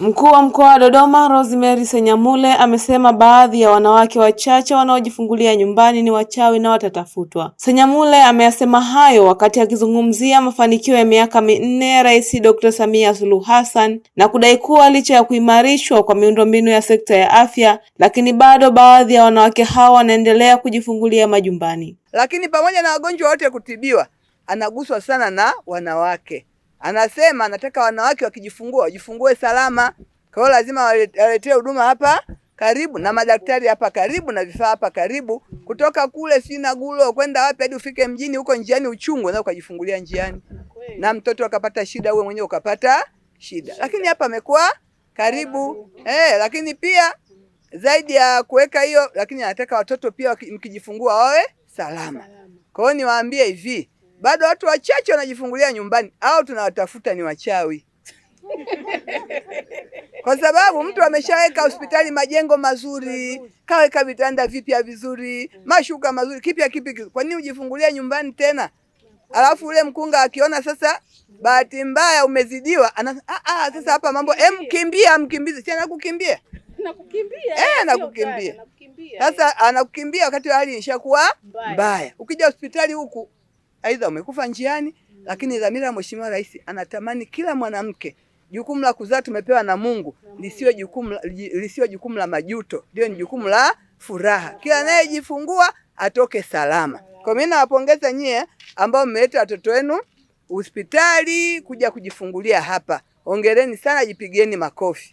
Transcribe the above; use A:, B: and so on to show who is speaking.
A: Mkuu wa Mkoa wa Dodoma, Rosemary Senyamule amesema baadhi ya wanawake wachache wanaojifungulia nyumbani ni wachawi na watatafutwa. Senyamule ameyasema hayo wakati akizungumzia mafanikio ya miaka minne ya Rais Dr. Samia Suluhu Hassan na kudai kuwa licha ya kuimarishwa kwa miundombinu ya sekta ya afya, lakini bado baadhi ya wanawake hawa wanaendelea kujifungulia majumbani.
B: Lakini pamoja na wagonjwa wote kutibiwa, anaguswa sana na wanawake anasema anataka wanawake wakijifungua wajifungue salama. Kwa hiyo lazima waletee huduma hapa karibu na madaktari hapa karibu na vifaa hapa karibu. Kutoka kule gulo kwenda wapi hadi ufike mjini, huko njiani uchungu na ukajifungulia njiani na mtoto akapata shida, wewe mwenyewe ukapata shida, lakini hapa amekuwa karibu eh. Lakini pia zaidi ya kuweka hiyo, lakini anataka watoto pia mkijifungua wawe salama. Kwa hiyo niwaambie hivi bado watu wachache wanajifungulia nyumbani, au tunawatafuta ni wachawi? Kwa sababu mtu ameshaweka hospitali majengo mazuri, kaweka vitanda vipya vizuri, mashuka mazuri, kipya kipi? Kwa nini ujifungulia nyumbani tena? Alafu ule mkunga akiona sasa bahati mbaya umezidiwa, ana ah, ah, sasa hapa mambo mkimbia, amkimbize si anakukimbia
C: nakukimbia
B: eh, nakukimbia sasa, anakukimbia wakati hali inshakuwa mbaya. Ukija hospitali huku aidha umekufa njiani mm. Lakini dhamira ya Mheshimiwa Rais anatamani kila mwanamke, jukumu la kuzaa tumepewa na Mungu lisiwe jukumu, lisiwe jukumu la majuto, ndio ni jukumu la furaha. Kila anayejifungua atoke salama. Kwa mimi nawapongeza nyie ambao mmeleta watoto wenu hospitali kuja kujifungulia hapa, ongereni sana, jipigeni makofi.